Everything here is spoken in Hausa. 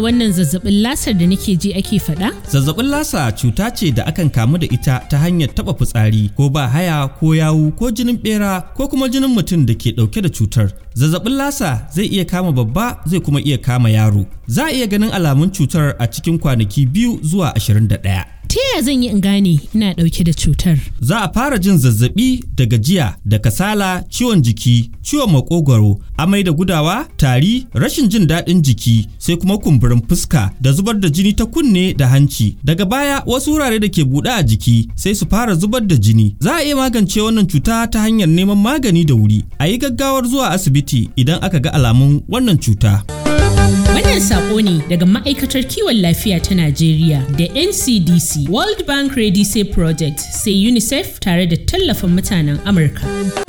wannan zazzabin lasar da nake ji ake faɗa? Zazzabin lasa cuta ce da akan kamu da ita ta hanyar taɓa fitsari ko ba haya ko yawu ko jinin ɓera ko kuma jinin mutum da ke ɗauke da cutar. Zazzabin lasa zai iya kama babba zai kuma iya kama yaro. Za a iya ganin alamun cutar a cikin kwanaki biyu zuwa ashirin da ɗaya. ta yaya zan yi in gane ina ɗauke da cutar? Za a fara jin zazzaɓi da gajiya da kasala, ciwon jiki, ciwon makogwaro, amai da gudawa, tari, rashin jin daɗin jiki, sai kuma kumburin fuska da zubar da jini ta kunne da hanci. Daga baya wasu wurare da ke buɗe a jiki sai su fara zubar da jini. Za a iya magance wannan cuta ta hanyar neman magani da wuri. A yi gaggawar zuwa asibiti idan aka ga alamun wannan cuta. Wannan sako ne daga ma'aikatar kiwon lafiya ta Najeriya da NCDC, World Bank Ready Say Project sai UNICEF tare da tallafin mutanen Amurka.